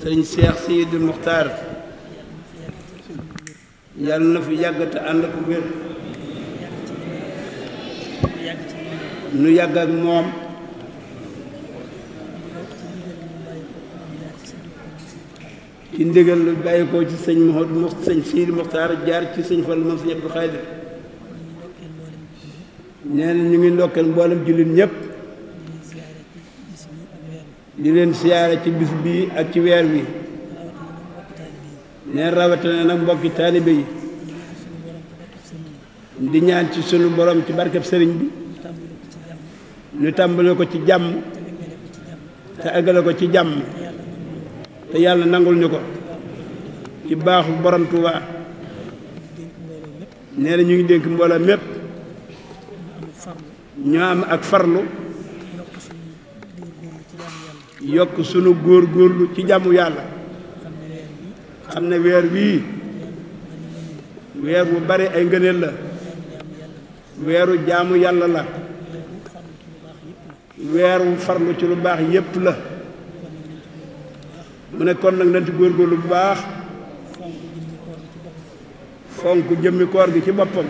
sëriñ Cheikh Seydou Muxtaar yàlla na fi yàgg te ànd ak wér nu yàgg ak moom ci ndigal lu bàyyi ci sëñ Mahod Mux sëñ Sidi Muxtaar jaar ci sëñ Fall moom sëñ Abdou Xaadir nee na ñu ngi ndokkeel mboolem jullit ñëpp di leen siyaare ci bis bii ak ci weer wi neen rawatina nag mbokki taalibe yi di ñaan ci sunu borom ci barkeb sëriñ bi ñu tàmbale ko ci jàmm te eggale ko ci jàmm te yàlla nangul ñu ko ci baaxu borom Tuubaa nee ñu ngi dénk mbooloo mépp ñu am ak farlu yokk sunu góor góorlu ci jàmmu yàlla xam ne weer wii weer wu bare ay ngëneel la weeru jaamu yàlla la weer wu farlu ci lu baax yépp la mu ne kon nag nañ góor góorgóorlu bu baax fonk jëmmi gi ci boppam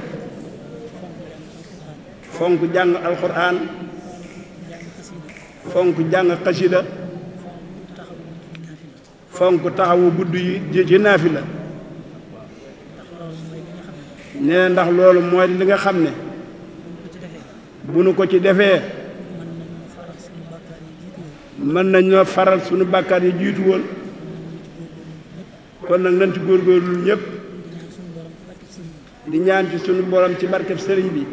fonk jàng alxuraan fonk jàng xasida fonk taxawu guddi yi ci naafi la nee ndax loolu mooy li nga xam ne bu nu ko ci defee mën nañoo faral suñu bàkkaar yi jiitu woon kon nag nañ góor góorgóorlu ñépp di ñaan ci suñu borom ci barkeb sëriñ bi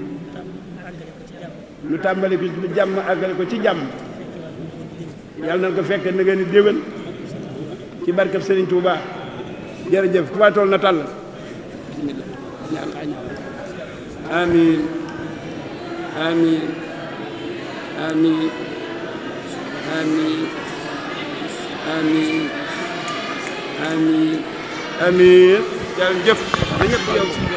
lu tàmbali ko ci jàmm àggale ko ci jàmm yàlla na ko fekk na ngeen di déwén ci barkeb Serigne Touba jërëjëf ku waay tool na tàll amin amin amin amin amin amin amin jërëjëf na ñëpp yow